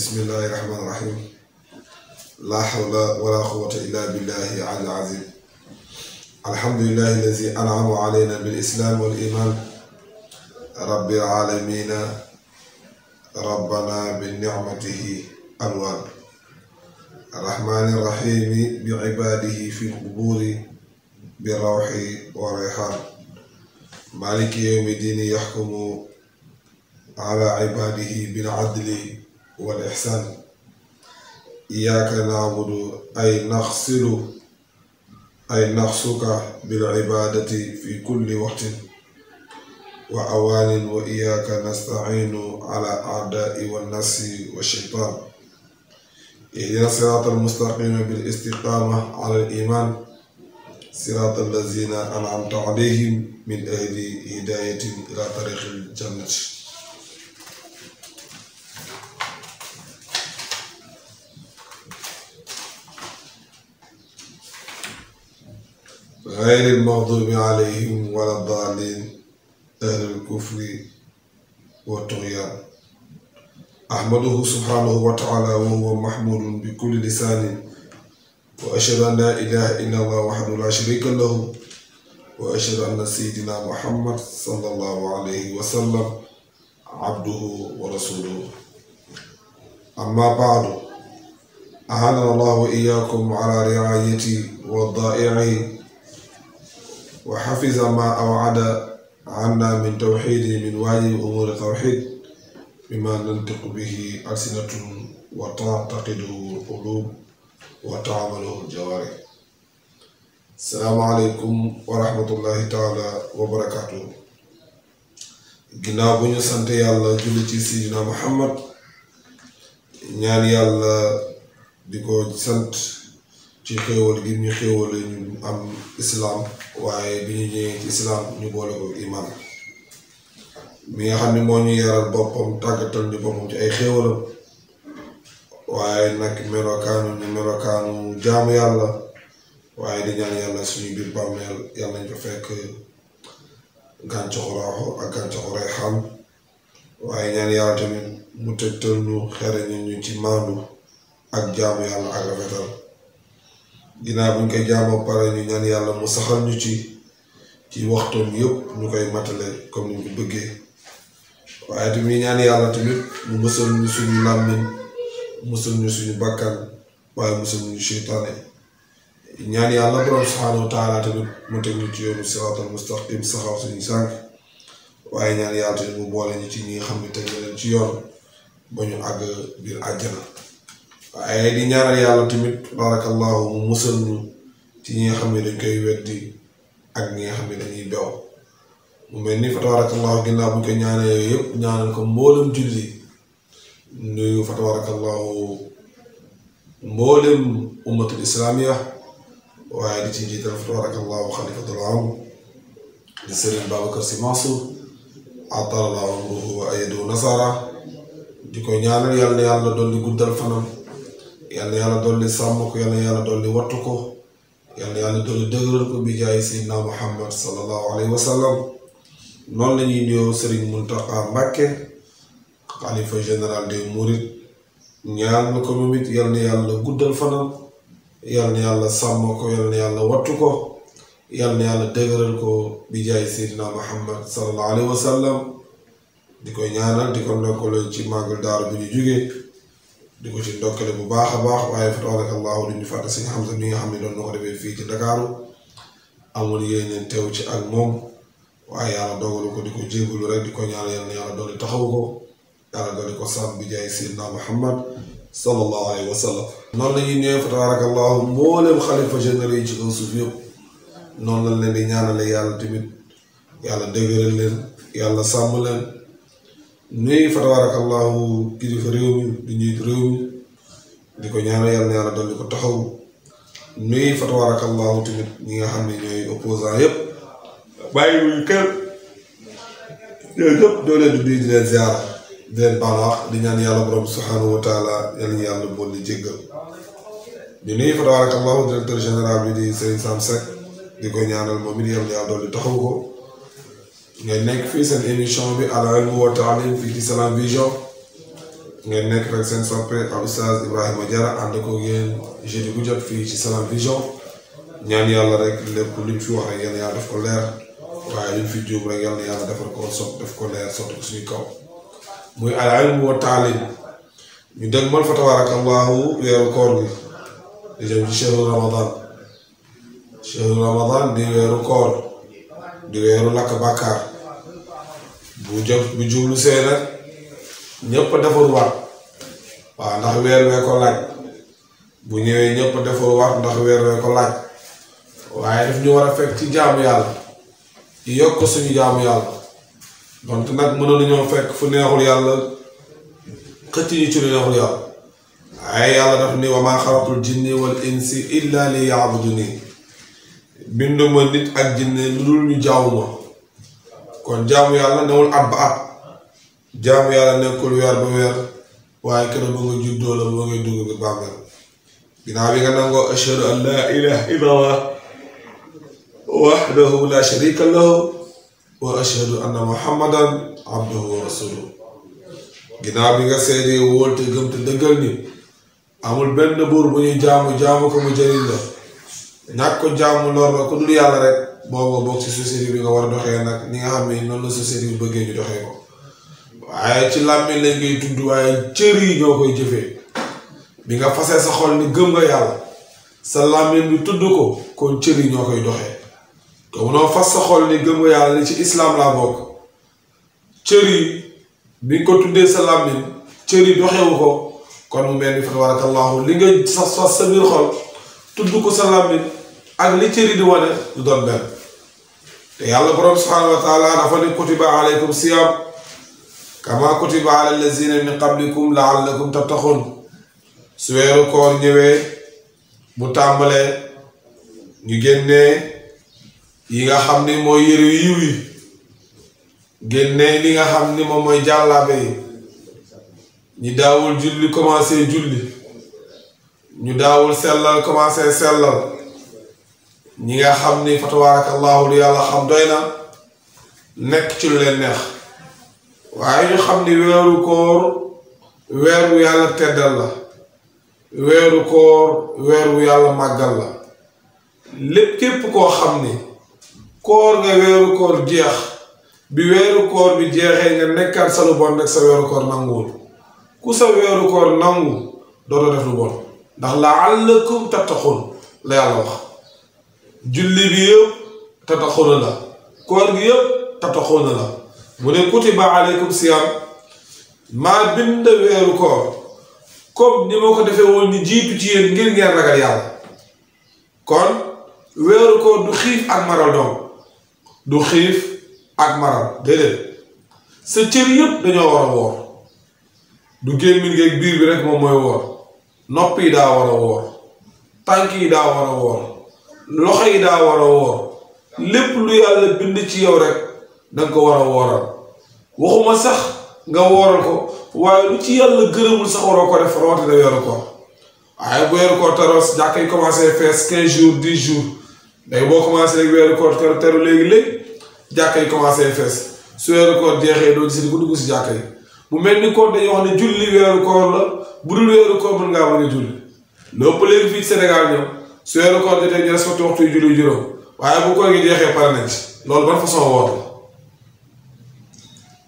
bismillahi rahmaani rahim laa hawla wala quwwata illa billahi al azim alhamdulillahi allazi an'ama alayna bil islam wal iman rabbil alamin rabbana bi ni'matihi alwan rahmaani rahimi bi ibaadihi fi lquburi bi rawxi wa rayxaan maliki yowmi diini yaxkumu ala ibaadihi bil adli والإحسان إياك نعبد أي نغسل أي نخصك بالعبادة في كل وقت وأوان وإياك نستعين على أعداء والنفس والشيطان اهدنا الصراط المستقيم بالاستقامة على الإيمان صراط الذين أنعمت عليهم من أهل هداية إلى طريق الجنة غير المغضوب عليهم ولا الضالين أهل الكفر والطغيان أحمده سبحانه وتعالى وهو محمود بكل لسان وأشهد أن لا إله إلا الله وحده لا شريك له وأشهد أن سيدنا محمد صلى الله عليه وسلم عبده ورسوله أما بعد أعاننا الله وإياكم على رعايته وضائعه wa xafisa ma awada anna min tawxiidi min waajib umuuri tawxiid mima nantiqu bihi alsinatun wa taataqiduhu quluub wa taamaluhu jawaari salaamaaleykum wa rahmatullahi taala wa barakaatuhu ginnaaw bu ñu sant yàlla julli ci sidina Muhammad ñaan yàlla di ko sant ci xéewal gi ñu xéewale am islaam waaye bi ñu ñëwee ci islaam ñu boole ko iman mi nga xam ne moo ñu yaral boppam tàggatal ñu boppam ci ay xéewalam waaye nag melokaanu ñu melokaanu jaamu yàlla waaye di ñaan yàlla suñu biir bàmmeel yàlla ñu fekk gàncaxu raaxu ak gàncaxu rayxaan waaye ñaan yàlla mu tëgtal ñu xere ñu ci maandu ak jaamu yàlla ak rafetal ginnaaw bu ñu koy jaamoo pare ñu ñaan yàlla mu saxal ñu ci ci waxtoom yëpp ñu koy matale comme ni ñu bëggee waaye tamit ñaan yàlla tamit mu mësal ñu suñu làmmiñ mësal ñu suñu bakkan waaye mësal ñu seytaane ñaan tamit mu teg ñu ci yoonu suñu sànq waaye ñaan yàlla tamit mu boole ñu ci ñi nga xam ne teg ci yoon ba ñu àgg biir àjjana. waaye di ñaanal yàlla tamit barakallahu mu ci ñi xam ne dañ koy weddi ak ñi nga xam ne dañuy bew mu mel ni fa tabarakallahu ginnaaw bu ñu ñaanal yooyu ñaanal ko mboolem julli nuyu fa tabarakallahu mboolem ummatul islamiya waaye di ci jiital fa tabarakallahu xalifatul am di sëriñ Babacar Sy Mansour atalallahu umruhu wa nasara di ko ñaanal yàlla yàlla dolli guddal fanam yàlla yàlla dolli sàmm ko yàlla yàlla dolli wattu ko yàlla yàlla ko bi jaay Seydina Muhammad sallallahu alayhi wa la ñuy nuyoo Serigne Mountakha Mbacké xalifa général des Mourides ñaan ko moom it guddal fanam yàlla yàlla sàmm ko yàlla yàlla wattu ko bi jaay Seydina Muhammad sallallahu alayhi di ko ñaanal di ko ndokkale ci màggal daara bi ñu jógee. di ko ci ndokkale bu baax a baax waaye fa tabarakallahu duñu fàtte sëñ Hamza mi nga xam ne doon na ko defee fii ci Ndakaaru amul yéeneen teew ci ak moom waaye yàlla dogalu ko di ko jégalu rek di ko ñaanal yàlla yàlla doole taxaw ko yàlla doole ko sàmm bi jaay Seydina Muhammad sallallahu alayhi wa sallam. noonu la ñuy nee fa tabarakallahu mbooleem xalifa généraux yi ci kaw suuf yëpp noonu la leen di la yàlla tamit yàlla dëgëral leen yàlla sàmm leen. nuyu fa tabarakallahu kilifa réew mi di njiitu réew mi di ko ñaanal yàlla yàlla dolli ko taxaw nuyu fa tabarakallahu ñi nga xam ne ñooy opposant yëpp bàyyi wuñu kër yooyu yëpp doo di di leen ziar di leen baax di ñaan yàlla borom subhanahu wa taala yàlla ñu yàlla di jéggal di directeur général bi di Serigne Sam di ko ñaanal moom yàlla yàlla dolli taxaw ko ngeen nekk fii seen émission bi al hilm wa taalim fii ci Salam Vision ngeen nekk rek seen soppe Oustaz Ibrahima Diarra ànd ko yéen jeudi bu jot fii ci Salam Vision ñaan yàlla rek lépp luñ fi wax rek yéen yàlla def ko leer fi juum rek yàlla yàlla defal def ko sotti kaw muy al hilm wa taalim ñu dégg mal fa tabarakallahu weeru koor gi di jëm ci chehru ramadan di weeru koor di weeru lakk bàkkaar bu jub bu jublu see nag ñëpp defaruwaat waaw ndax weer wee ko laaj bu ñëwee ñëpp defaruwaat ndax weer wee ko laaj waaye daf ñu war a fekk ci jaamu yàlla yokk suñu jaamu yàlla donte nag mënoon nañoo fekk fu neexul yàlla xëcc ñu ci lu neexul yàlla waaye yàlla daf ni wa maa xalaqtul wal insi illa li yaabuduni binduma nit ak jinne lu dul ñu jaaw kon jaamu yàlla newul at ba at jaamu yàlla nekkul weer ba weer waaye keroog ba nga juddoo la ba ngay dugg bi bàmmeel bi nga nangoo ashhadu an laa ilaha illallah wahdahu nga seede wóol te gëm te dëggal ni amul benn buur bu ñu jaamu jaamu ko mu jëriñ la ñàkk jaamu lor la ku dul yàlla rek booboo bokk ci société bi nga war a doxee nag ñi nga xam ne noonu la société bi bëggee ñu doxee ko waaye ci làmmiñ lañ koy tudd bi nga fasee sa xol ni gëm nga yàlla tudd ko kon cër yi ñoo koy doxee te munoo fas sa xol ni gëm nga yàlla ni ci islaam laa bokk cër bi nga ko tuddee sa làmmiñ cër yi doxewu ko kon mu mel ni fa tabaarakallahu li nga sa sa biir xol tudd ko sa làmmiñ ak li cëri di wane du doon benn te yàlla borom subhaanahu wa taala dafa ne kutiba aleykum siyaam kama kutiba ala allazina min qablikum laallakum tattaxun su weeru koor ñëwee bu tàmbalee ñu génnee yi nga xam ni mooy yëre yiw yi génnee li nga xam ni moom mooy jàllaabe yi ñu daawul julli commencé julli ñu daawul sellal commencé sellal ñi nga xam ni fa tabaarakallaahu lu yàlla xam doy na nekk ci lu leen neex waaye ñu xam ni weeru koor weeru yàlla teddal la weeru koor weeru yàlla màggal la lépp képp koo xam ni koor nga weeru koor jeex bi weeru koor bi jeexee nga nekkaat sa lu bon nag sa weeru koor nanguwul ku sa weeru koor nangu doo def lu bon ndax la'allakum tattaqun la yàlla wax julli bi yëpp tataxuna la koor gi yëpp tataxuna la mu ne kutiba aleykum siyam maa bind weeru koor comme ni ma ko defee woon ni jiitu ci yéen ngir ngeen ragal yàlla kon weeru koor du xiif ak maral doom du xiif ak maral déedéet sa cër yëpp dañoo war a woor du gémmiñ ngeeg biir bi rek moom mooy woor nopp yi daa war a woor tànk yi daa war a woor loxo yi daa war a woor lépp lu yàlla bind ci yow rek danga ko war a wooral waxuma sax nga wooral ko waaye lu ci yàlla gërëmul sax waroo ko def rawatina weeru koor waaye bu weeru koor teroo si jàkk yi commencé fees jours dix jours léegi boo commencé rek weeru koor teru léegi-léegi jàkk yi commencé fees su weeru koor jeexee doo gis ni ku dugg si jàkk yi mu mel ni koor dañuy wax ne julli weeru koor la bu dul weeru koor mën ngaa bañ a julli lépp léegi fii Sénégal ñoom su weeru koor jotee ñu respecté juróom waaye bu koor gi jeexee pare nañ ci loolu ban façon woor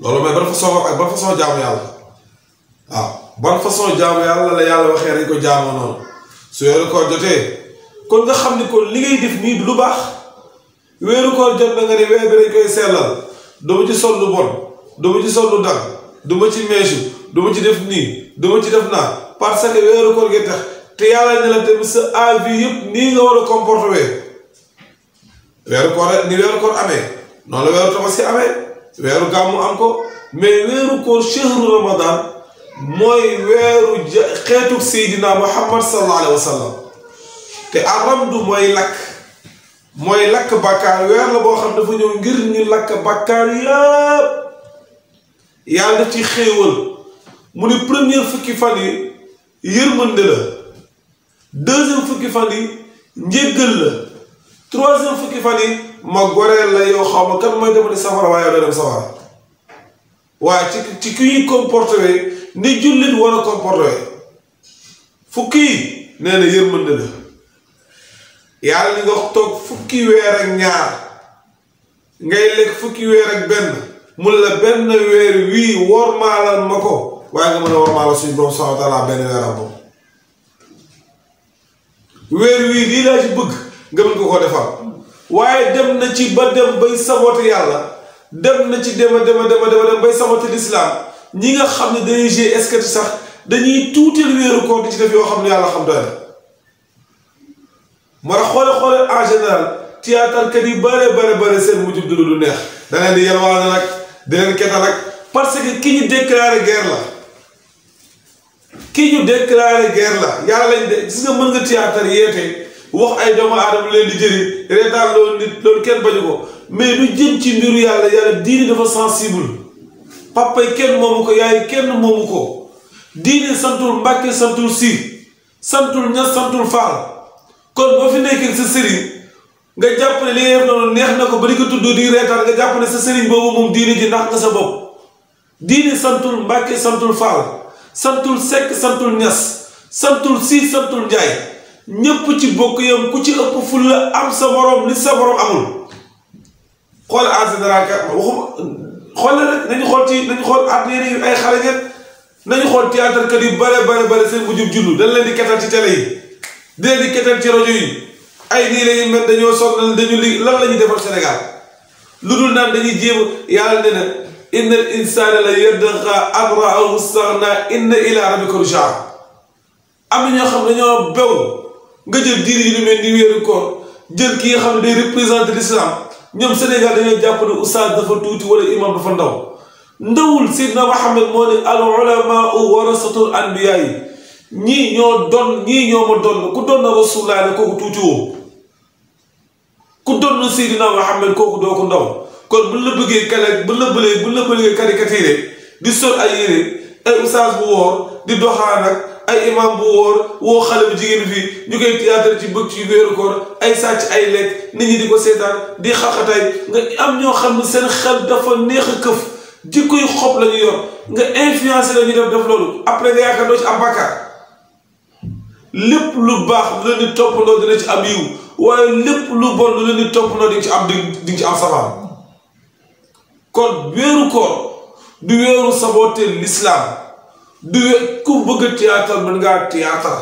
la loolu mooy ban façon woor ak ban façon jaamu yàlla waaw ban façon jaamu yàlla la yàlla waxee dañ ko jaamoo noonu su weeru koor jotee kon nga xam ni kon li ngay def nii du lu baax weeru koor jot na nga ne weer bi dañ koy sellal duma ci sol lu bon duma ci sol lu dagg duma ci meesu duma ci def nii duma ci def naa parce que weeru koor gi tax te yàlla ne la sa avis yëpp nii nga war a comporté wee weeru koor amee noonu la weeru tabaski amee weeru gàmmu am ko mais weeru koor chehru ramadan mooy weeru xeetu seydina muhammad sallallahu alayhi wa sallam te mooy lakk mooy lakk bàkkaar weer la boo xam dafa ñëw ngir ñu lakk bàkkaar yëpp yàlla ci xéewal mu ni première fukki fan yi yërmande la deuxième fukki fan yi njéggal la troisième fukki fan yi ma goreel la yow xaw ma kan mooy demati safara waaye doo dem safara waaye ci ci ki ñuy ni jullit war a comporté fukki yi nee na yërmande la yàlla ni nga toog fukki weer ak ñaar ngay lekk fukki weer ak benn mun la benn weer wii wormaalal ma ko waaye nga mën a wormaalal suñu borom subhaanahu wa taala benn weer ak moom weer wii lii laa ci bëgg nga mën ko koo defal waaye dem na ci ba dem bay sabote yàlla dem na ci dema dema dema dem bay sabote lislaam ñi nga xam ne dañuy g esket sax dañuy tuuteel weeru koor di ci def yoo xam ne yàlla xam doy na xoole xoole en général théâtre kat yi bare bare bare seen mujjub du lu neex da leen di yalwaale nag di leen ketal nag parce que ki ñu déclaré guerre la kii ñu déclaré guerre la yàlla lañ de gis nga mën nga théâtre yeete wax ay doomu aadama leen di jëriñ reetaan loolu nit loolu kenn bañu ko mais lu jëm ci mbiru yàlla yàlla diine dafa sensible papa yi kenn moomu ko yaay kenn moomu ko diine santul mbàkke santul si santul ña santul faal kon boo fi nekkee sa sëriñ nga jàpp ne li ngay def neex na ko ba di ko tudd di reetaan nga sa sëriñ boobu moom diine ji ndax nga sa bopp diine santul mbàkke santul faal santul Seck santul Niass santul Si santul Njaay ñépp ci bokk yam ku ci ëpp ful am sa morom li sa morom amul xool en général ka waxum xool la rek nañu xool ci nañu xool artères yi ay xale ngeen nañu xool théâtre kat yu bare bare bare seen mujjub jundu dañ leen di ketal ci télé yi de leen ketal ci rajo yi ay nii lañuy mel dañoo sonn dañu li lan la ñuy defal Sénégal lu dul naan dañuy jéem yàlla ne na inna al insaana la yaddaxa an raahu staxna inna ila rabbika rujaa am ñoo xam ne ñoo bew nga jël diir yi lu mel ni wéeru koor jël ki nga xam ne day représenter l'islam ñoom Sénégal dañoo jàpp ne oustaz dafa tuuti wala imam dafa ndaw ndawul Seydina Muhammad moo ne al ulamaau warasatul anbiyaa yi ñii ñoo don ñii ñoo ma donn ku doon na rasulullah ne kooku tuuti woo ku donn Seydina Muhammad kooku doo ko ndaw kon bu la bëggee kale bu la bëlee bu la bëlee caricaturé di sol ay yére ay ustaas bu woor di doxaan ak ay imam bu wóor woo xale bu jigéen fii ñu koy théâtre ci bëgg ci wéeru koor ay sàcc ay lekk nit ñi di ko seetaan di xaxatay nga am ñoo xam ne seen xel dafa neex a këf jikko yu xob la ñu yor nga influencé la ñu def def loolu après nga yaakaar doo ci am bàkkaar lépp lu baax lu leen di toppandoo dina ci am yiw waaye lépp lu bon lu leen di toppandoo ci am di nga kon weeru koor du weeru saboté l'islam du ku bëgg théâtre mën ngaa théâtre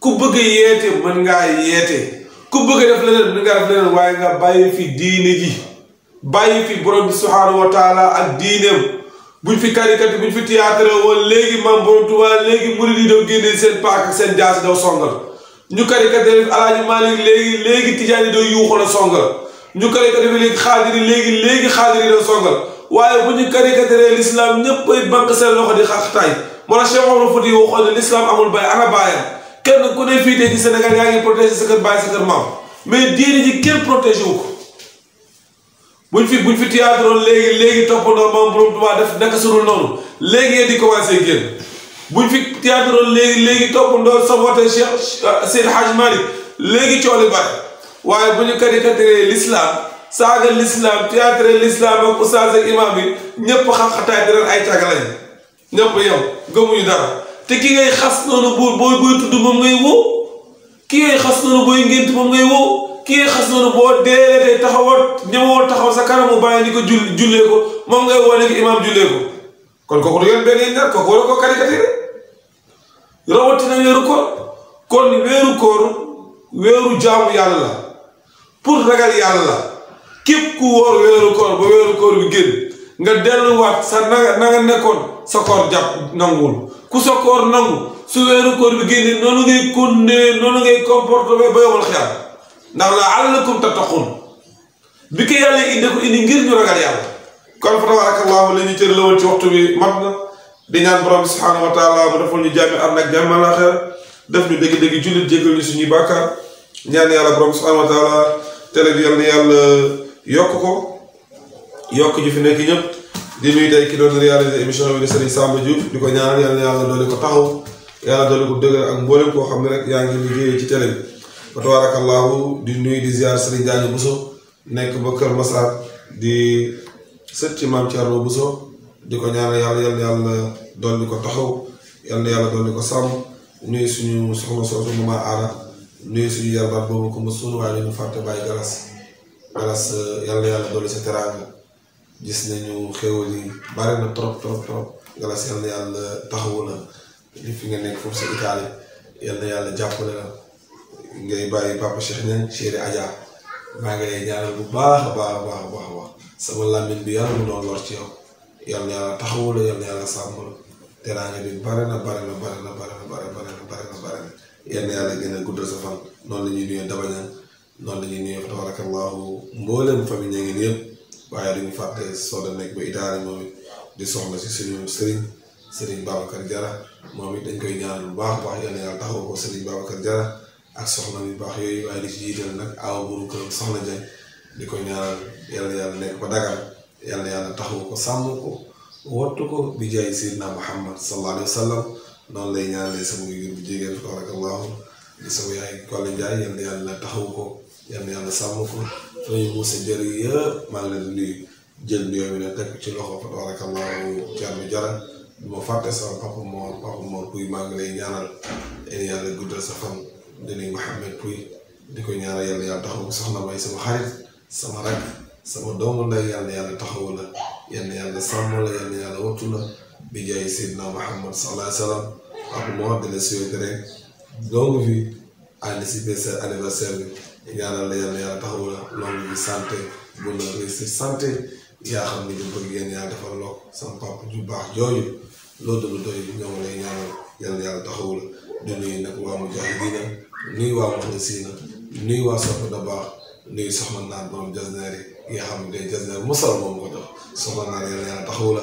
ku bëgg yeete mën ngaa yeete ku bëgg def leneen mën ngaa def leneen waaye nga bàyyi fi diine ji bàyyi fi borom bi subhaanahu wa taala fi karikati buñ fi théâtre woon léegi maam borom Tuubaa léegi murid génnee seen paak seen jaas daw songal ñu karikati def alaaji Maalik léegi léegi tijaan yi daw ñu caricature léegi xaadir yi léegi léegi xaadir yi doon songal waaye bu ñu caricature l'islam ñëpp ay banque seen loxo di xaxtaay moo tax Cheikh Omar Fouti waxoon ne l'islam amul baay ana baayam kenn ku ne fii tey ci Sénégal yaa ngi protéger sa kër baay sa kër maam mais diine ji kenn protéger wu ko buñ fi buñ fi théâtre léegi léegi toppandoo maam borom Tuubaa def naka sunul noonu léegi yéen di commencé génn buñ fi théâtre léegi léegi toppandoo saboté Cheikh Seydi Hadj Malick léegi cooli baay waaye bu ñu karikatiree lislaam saaga lislaam théâtre lislaam ak oustaz ak imaam yi ñépp xaxataay di leen ay caga lañ ñépp yow gëmuñu dara te ki ngay xas noonu buur booy buy tudd moom ngay woo ki ngay xas noonu moom ngay woo ki ngay xas noonu boo deelee taxawaat ñëwoo taxaw sa kanamu bàyyi ni ko jullee ko moom ngay woo ne ko imaam jullee ko kon kooku du ngeen benn yéen ñaar kooku war a ko karikatiré rawatina weeru koor kon weeru koor weeru jaamu yàlla la pour ragal yàlla képp ku wóor weeru koor ba weeru koor bi génn nga delluwaat sa na nekkoon sa koor jàpp nanguwul ku sa koor nangu su weeru koor bi génne noonu ngay continuer noonu ngay comporter ba yowal xel ndax la'allakum tattaqun bi ko yàlla indi ko indi ngir ñu ragal yàlla kon fa tabarakallahu la ñu cër la woon ci waxtu bi mat na di ñaan borom bi subhaanahu wa taala mu defal ñu jàmmi ànd ak jàmm àllaaxira def ñu dégg-dégg jullit jéggal ñu suñuy bàkkaar ñaan yàlla télé bi yal na yàlla yokk ko yokk ñu fi nekk ñëpp di nuyu tey ki doon réaliser émission bi di Serigne ko ñaanal yal na yàlla ko taxaw yàlla doole xam ne rek yaa ngi liggéeyee di nuyu di ziar Serigne Diagne Bousso nekk ba Kër Massar di sët ci maam ko ñaanal yàlla suñu soxna soosu maman Aara. nuyu suñu yarbaat boobu ko ma suun waaye ñu fàtte bàyyi galas galas euh, yàlla yàlla dolli sa teraanga gis nañu xéwal yi bari na trop trop trop galas yàlla yàlla taxawu na li fi nga nekk foofu sa Italie yàlla yàlla jàppale la ngay bàyyi papa Cheikh Niang chéri Adja maa ngi lay ñaanal bu baax a baax a baax a baax a baax sama làmmiñ bi yàlla mu doon lor ci yow yàlla yàlla taxawu la yàlla yàlla sàmm la teraanga bi bari na bari na bari na bari na bari na bari na bari na yenn yàlla gën a gudd sa fan noonu la ñuy nuyoo dabañaan noonu la ñuy nuyoo tabarakallahu mboolem famille ña ngi nii yëpp waaye duñu soo da nekk ba idaara moom it di soxla si suñu sëriñ sëriñ Babacar dañ koy ñaan bu baax baax yenn yàlla taxaw ko sëriñ yu baax yooyu waaye di ci jiital di ko ñaanal yàlla yàlla nekk ba dagal taxaw ko sàmm ko wattu ko bi jaay Seydina Muhammad sallallahu alayhi wa sallam noonu lay ñaanalee sama wéyum bu jigéen tabarakallahu di sama yaay Kolle yal na ko yal na yàlla sàmm ko famille Moussa Diarra yëpp maa ngi di nuyu jël nuyoo bi ci loxo fa tabarakallahu Thierno Diarra du ma fàtte sama papa Mor papa Mor Pouy maa ngi lay ñaanal yal yàlla guddal sa fan di nuyu di ko ñaanal yàlla yàlla taxawu ko soxna may sama xarit sama yal na la yal na yàlla sàmm yal na yàlla la. bi jaay Seydina Muhammad sallallahu alayhi wa sallam ak moo gën a suy rek longue vie à l'issue sa anniversaire bi ñaanal la la longue vie santé bu la réussir santé yaa xam ni ñu bëgg yéen yàlla defal loo sama papa ju baax jooju loolu dul doy ñoom lay ñaanal yàlla yàlla taxawu la di nuyu nag waa mujaahidiina nuyu waa waa sopp da baax nuyu soxna naan borom jasneer yi nga xam ne day jasneer musal moom ko jox soxna naan yàlla yàlla